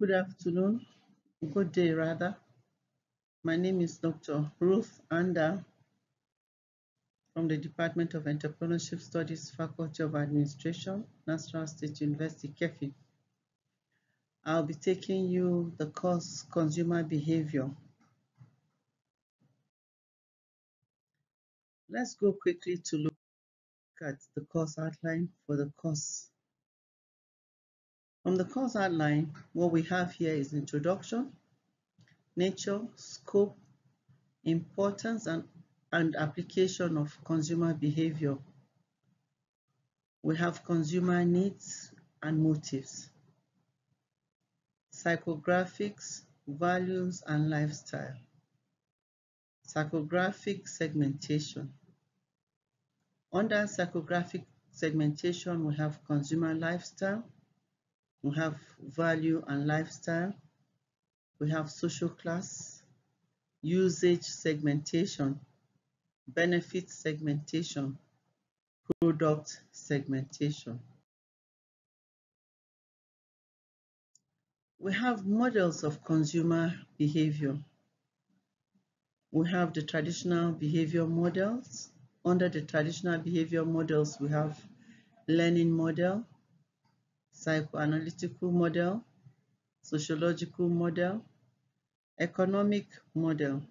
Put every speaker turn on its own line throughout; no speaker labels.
Good afternoon, good day rather. My name is Dr. Ruth Ander from the Department of Entrepreneurship Studies, Faculty of Administration, National State University, KEFI. I'll be taking you the course Consumer Behavior. Let's go quickly to look at the course outline for the course from the course outline, what we have here is introduction, nature, scope, importance and, and application of consumer behavior. We have consumer needs and motives, psychographics, values and lifestyle, psychographic segmentation. Under psychographic segmentation, we have consumer lifestyle, we have value and lifestyle, we have social class, usage segmentation, benefit segmentation, product segmentation. We have models of consumer behavior. We have the traditional behavior models. Under the traditional behavior models, we have learning model, psychoanalytical model, sociological model, economic model.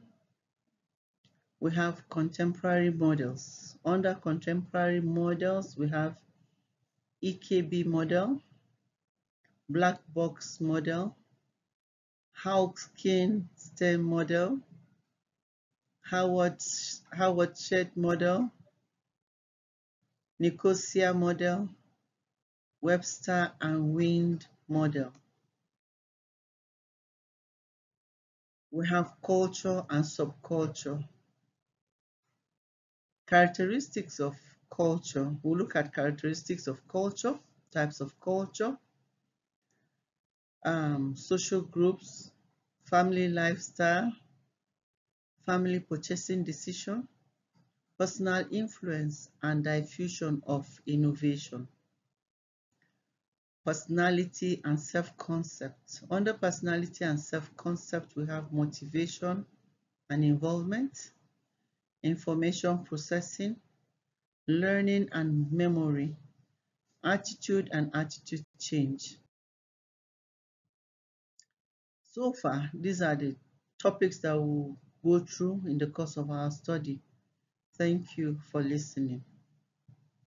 We have contemporary models. Under contemporary models, we have EKB model, black box model, Haukskin-Stern model, Howard, Howard Shed model, Nicosia model, Webster and wind model. We have culture and subculture. Characteristics of culture. We'll look at characteristics of culture, types of culture, um, social groups, family lifestyle, family purchasing decision, personal influence and diffusion of innovation personality and self-concept. Under personality and self-concept, we have motivation and involvement, information processing, learning and memory, attitude and attitude change. So far, these are the topics that we'll go through in the course of our study. Thank you for listening.